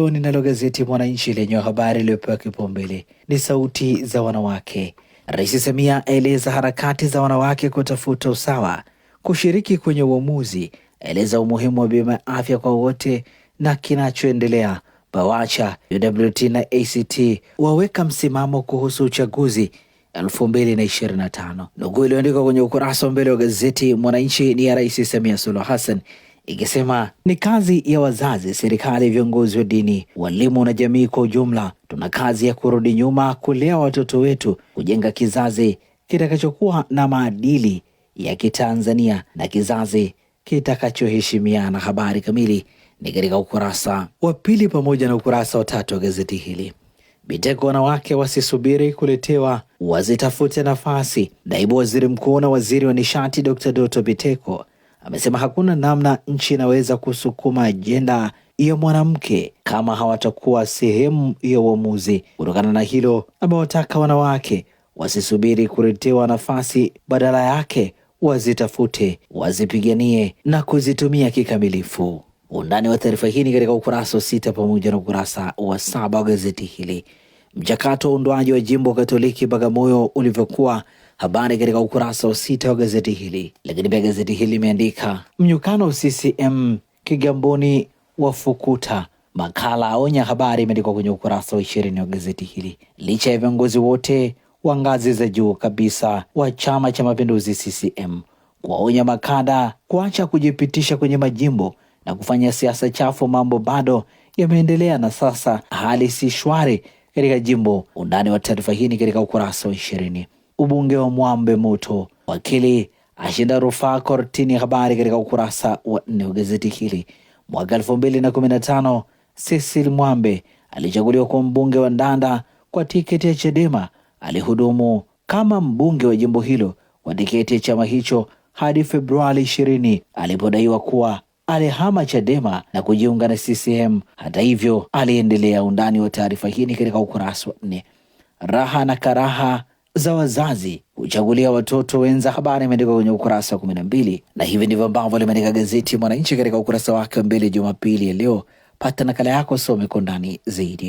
Leo ninalo gazeti Mwananchi lenye habari iliyopewa kipaumbele ni sauti za wanawake. Rais Samia aeleza harakati za wanawake kutafuta usawa, kushiriki kwenye uamuzi, aeleza umuhimu wa bima ya afya kwa wote na kinachoendelea. BAWACHA, UWT na ACT waweka msimamo kuhusu uchaguzi 2025. Nukuu iliyoandikwa kwenye ukurasa wa mbele wa gazeti Mwananchi ni ya Rais Samia Suluhu Hassan ikisema ni kazi ya wazazi, serikali, viongozi wa dini, walimu na jamii kwa ujumla. Tuna kazi ya kurudi nyuma, kulea watoto wetu, kujenga kizazi kitakachokuwa na maadili ya Kitanzania na kizazi kitakachoheshimiana. Habari kamili ni katika ukurasa wa pili pamoja na ukurasa wa tatu wa gazeti hili. Biteko, wanawake wasisubiri kuletewa, wazitafute nafasi. Naibu waziri mkuu na waziri wa nishati Dr. Doto Biteko amesema hakuna namna nchi inaweza kusukuma ajenda ya mwanamke kama hawatakuwa sehemu ya uamuzi. Kutokana na hilo, amewataka wanawake wasisubiri kuletewa nafasi, badala yake wazitafute, wazipiganie na kuzitumia kikamilifu. Undani wa taarifa hii ni katika ukurasa wa sita pamoja na ukurasa wa saba wa gazeti hili. Mchakato wa undoaji wa jimbo Katoliki Bagamoyo ulivyokuwa habari katika ukurasa wa sita wa gazeti hili. Lakini pia gazeti hili limeandika mnyukano CCM Kigamboni wafukuta makala aonya, habari imeandikwa kwenye ukurasa wa ishirini wa gazeti hili. Licha ya viongozi wote wa ngazi za juu kabisa wa Chama cha Mapinduzi CCM kuwaonya makada kuacha kujipitisha kwenye majimbo na kufanya siasa chafu, mambo bado yameendelea na sasa hali si shwari katika jimbo. Undani wa taarifa hii ni katika ukurasa wa ishirini ubunge wa Mwambe Moto. Wakili ashinda rufaa kortini. Habari katika ukurasa wa nne wa gazeti hili. Mwaka tano Cecil Mwambe alichaguliwa kuwa mbunge wa Ndanda kwa tiketi ya Chadema. Alihudumu kama mbunge wa jimbo hilo kwa tiketi ya chama hicho hadi Februari 20 alipodaiwa kuwa alihama Chadema na kujiunga na CCM. Hata hivyo, aliendelea. Undani wa taarifa hii ni katika ukurasa wa nne. Raha na karaha za wazazi huchagulia watoto wenza. Habari imeandikwa kwenye ukurasa wa kumi na mbili, na hivi ndivyo ambavyo limeandika gazeti Mwananchi katika ukurasa wake wa mbele Jumapili ya leo. Pata nakala yako, some kwa ndani zaidi.